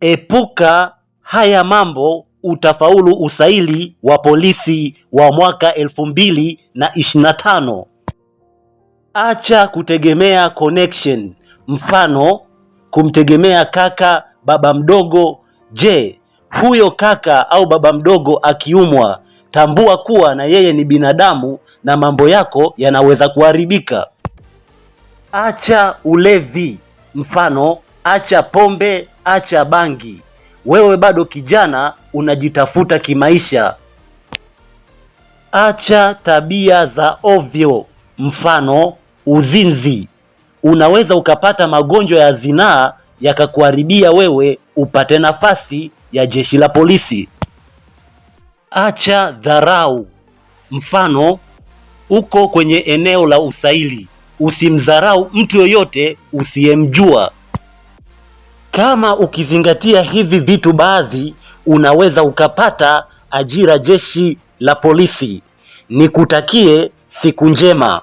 epuka haya mambo utafaulu usaili wa polisi wa mwaka elfu mbili na ishirini na tano. Acha kutegemea connection, mfano kumtegemea kaka, baba mdogo. Je, huyo kaka au baba mdogo akiumwa, tambua kuwa na yeye ni binadamu na mambo yako yanaweza kuharibika. Acha ulevi, mfano acha pombe, acha bangi, wewe bado kijana unajitafuta kimaisha. Acha tabia za ovyo, mfano uzinzi. Unaweza ukapata magonjwa ya zinaa yakakuharibia wewe, upate nafasi ya jeshi la polisi. Acha dharau, mfano uko kwenye eneo la usaili, usimdharau mtu yoyote usiyemjua. Kama ukizingatia hivi vitu baadhi, unaweza ukapata ajira Jeshi la Polisi. Nikutakie siku njema.